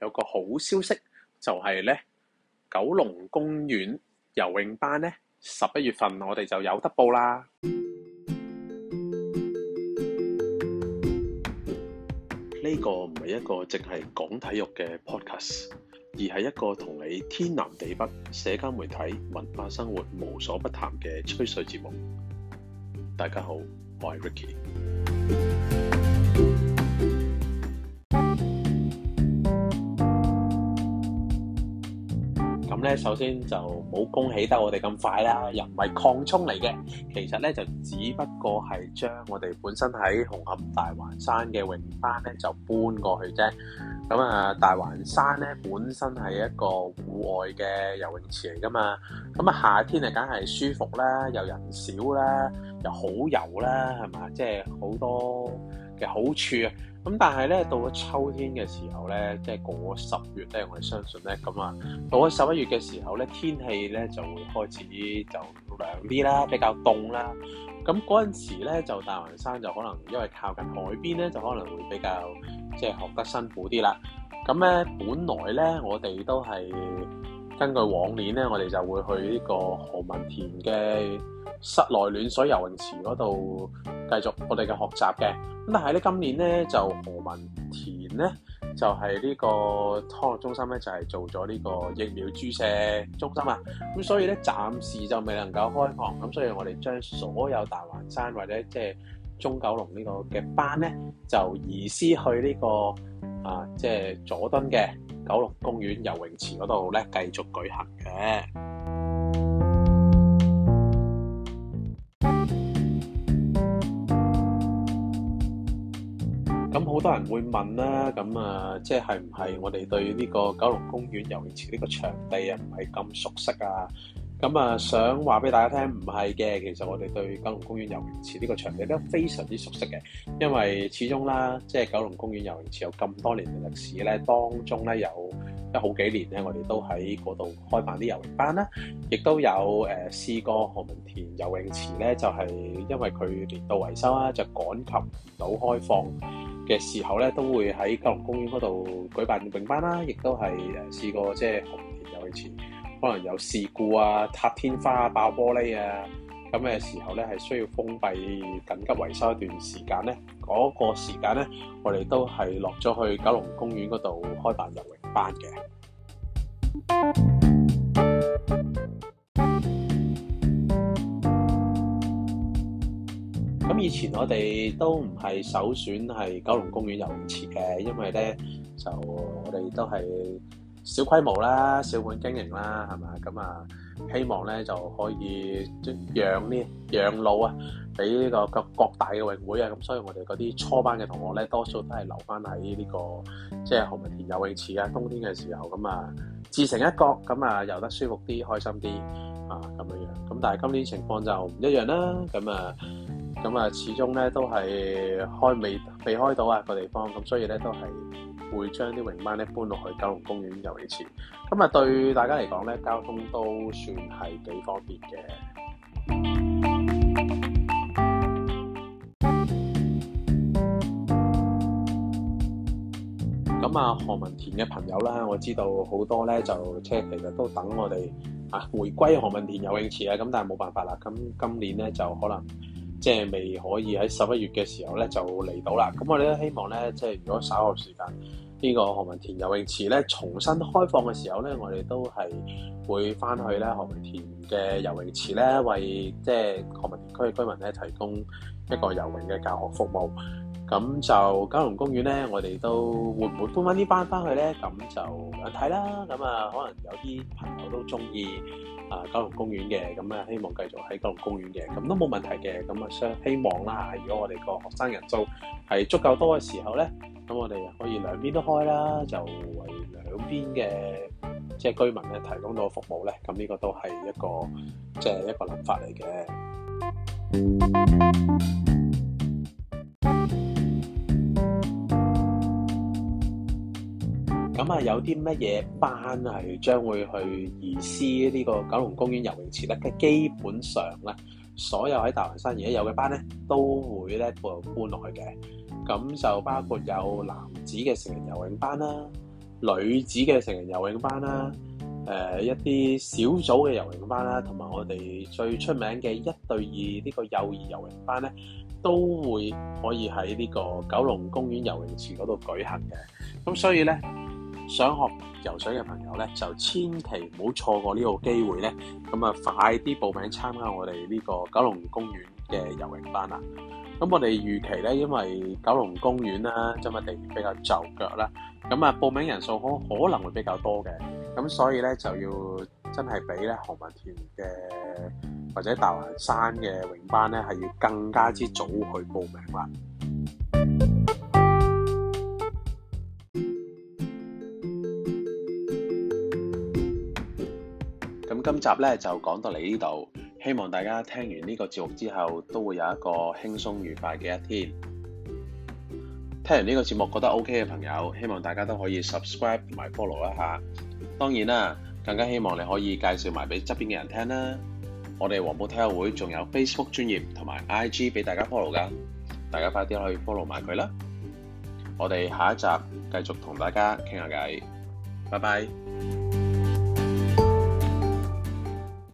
有個好消息，就係咧，九龍公園游泳班咧十一月份我哋就有得報啦。呢個唔係一個淨係講體育嘅 podcast，而係一個同你天南地北、社交媒體、文化生活無所不談嘅吹水節目。大家好，我係 Ricky。首先就冇恭喜得我哋咁快啦，又唔係擴充嚟嘅，其實咧就只不過係將我哋本身喺紅磡大環山嘅泳班咧就搬過去啫。咁啊，大環山咧本身係一個戶外嘅游泳池嚟㗎嘛，咁啊夏天啊梗係舒服啦，又人少啦，又好游啦，係嘛？即係好多。嘅好處啊，咁但係咧到咗秋天嘅時候咧，即係過咗十月咧，我哋相信咧，咁啊，到咗十一月嘅時候咧，天氣咧就會開始就涼啲啦，比較凍啦。咁嗰陣時咧，就大環山就可能因為靠近海邊咧，就可能會比較即係、就是、學得辛苦啲啦。咁咧，本來咧我哋都係根據往年咧，我哋就會去呢個何文田嘅室內暖水游泳池嗰度。繼續我哋嘅學習嘅，咁但係咧今年咧就何文田咧就係、是、呢個康樂中心咧就係、是、做咗呢個疫苗注射中心啊，咁所以咧暫時就未能夠開放，咁所以我哋將所有大環山或者即係中九龍呢個嘅班咧就移師去呢、這個啊即係、就是、佐敦嘅九龍公園游泳池嗰度咧繼續舉行嘅。好多人會問啦，咁啊，即係唔係我哋對呢個九龍公園游泳池呢個場地啊，唔係咁熟悉啊？咁啊，想話俾大家聽，唔係嘅。其實我哋對九龍公園游泳池呢個場地都非常之熟悉嘅，因為始終啦，即係九龍公園游泳池有咁多年嘅歷史咧，當中咧有一好幾年咧，我哋都喺嗰度開辦啲游泳班啦，亦都有誒，師哥何文田游泳池咧，就係因為佢年度維修啦，就趕及唔到開放嘅時候咧，都會喺九龍公園嗰度舉辦泳班啦，亦都係誒試過即係紅磡游泳池，可能有事故啊、塌天花啊、爆玻璃啊咁嘅時候咧，係需要封閉緊急維修一段時間咧，嗰、嗰個時間咧，我哋都係落咗去九龍公園嗰度開辦游泳班嘅。以前我哋都唔係首選係九龍公園游泳池嘅，因為咧就我哋都係小規模啦、小本經營啦，係嘛，咁啊，希望咧就可以即讓呢讓路啊，俾呢個各各大嘅泳會啊，咁所以我哋嗰啲初班嘅同學咧多數都係留翻喺呢個即何文田游泳池啊，冬天嘅時候咁啊自成一角咁啊游得舒服啲、開心啲啊咁樣樣咁，但係今年情況就唔一樣啦，咁啊～咁啊，始終咧都係開未未開到啊，這個地方，咁所以咧都係會將啲泳班咧搬落去九龍公園游泳池。咁啊對大家嚟講咧，交通都算係幾方便嘅。咁、嗯、啊，何文田嘅朋友啦，我知道好多咧就即係其實都等我哋啊回歸何文田游泳池啊，咁但係冇辦法啦。咁今年咧就可能。即係未可以喺十一月嘅時候咧就嚟到啦，咁我哋都希望咧，即係如果稍後時間，呢個何文田游泳池咧重新開放嘅時候咧，我哋都係會返去咧何文田嘅游泳池咧，為即係何文田區嘅居民咧提供一個游泳嘅教學服務。咁就九龍公園咧，我哋都會唔會搬翻呢班翻去咧？咁就睇啦。咁啊，可能有啲朋友都中意啊九龍公園嘅，咁啊希望繼續喺九龍公園嘅，咁都冇問題嘅。咁啊，希望啦，如果我哋個學生人數係足夠多嘅時候咧，咁我哋可以兩邊都開啦，就為兩邊嘅即係居民咧提供到服務咧。咁呢個都係一個即係、就是、一個諗法嚟嘅。咁啊，有啲乜嘢班係將會去移師呢個九龍公園游泳池咧？咁基本上咧，所有喺大環山而家有嘅班咧，都會咧過搬落去嘅。咁就包括有男子嘅成人游泳班啦、女子嘅成人游泳班啦、誒、呃、一啲小組嘅游泳班啦，同埋我哋最出名嘅一對二呢個幼兒游泳班咧，都會可以喺呢個九龍公園游泳池嗰度舉行嘅。咁所以咧～想學游水嘅朋友咧，就千祈唔好錯過呢個機會咧，咁啊快啲報名參加我哋呢個九龍公園嘅游泳班啦。咁我哋預期咧，因為九龍公園啦，因為地比較就腳啦，咁啊報名人數可可能會比較多嘅，咁所以咧就要真係比咧何文田嘅或者大環山嘅泳班咧，係要更加之早去報名啦。今集呢就講到嚟呢度，希望大家聽完呢個節目之後都會有一個輕鬆愉快嘅一天。聽完呢個節目覺得 OK 嘅朋友，希望大家都可以 subscribe 同埋 follow 一下。當然啦，更加希望你可以介紹埋俾側邊嘅人聽啦。我哋黃埔體育會仲有 Facebook 專頁同埋 IG 俾大家 follow 噶，大家快啲去 follow 埋佢啦。我哋下一集繼續同大家傾下偈，拜拜。